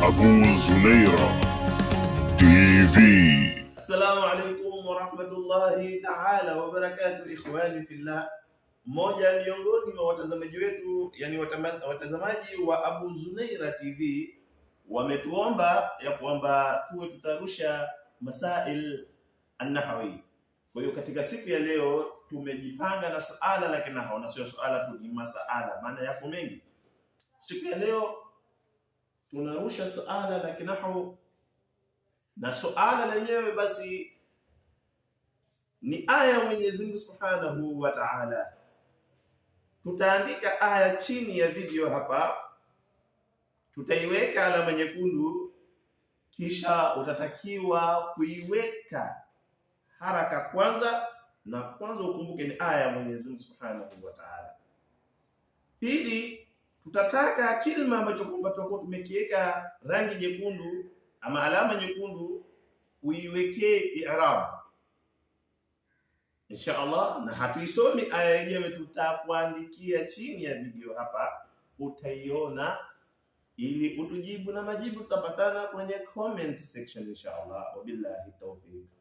Abu Zuneira TV. Assalamu alaikum warahmatullahi taala wabarakatu, ikhwani fillah. Mmoja miongoni mwa watazamaji wetu, yani watazamaji wa Abu Zuneira TV wametuomba ya kwamba tuwe tutarusha masail annahawi. Kwa hiyo katika siku ya leo tumejipanga na suala la kinahawa na sio suala tu, ni masaala maana yapo mengi siku ya leo tunarusha suala la kinahu na suala lenyewe basi ni aya ya Mwenyezi Mungu Subhanahu wa Ta'ala. Tutaandika aya chini ya video hapa, tutaiweka alama nyekundu, kisha utatakiwa kuiweka haraka kwanza, na kwanza ukumbuke ni aya ya Mwenyezi Mungu Subhanahu wa Ta'ala. Pili, tutataka kilima ambacho kwamba tutakuwa tumekiweka rangi nyekundu ama alama nyekundu uiwekee i'rab insha Allah, na hatuisomi aya yenyewe, tutakuandikia chini ya video hapa, utaiona ili utujibu na majibu tutapatana kwenye comment section insha Allah. Wabillahi tawfiq.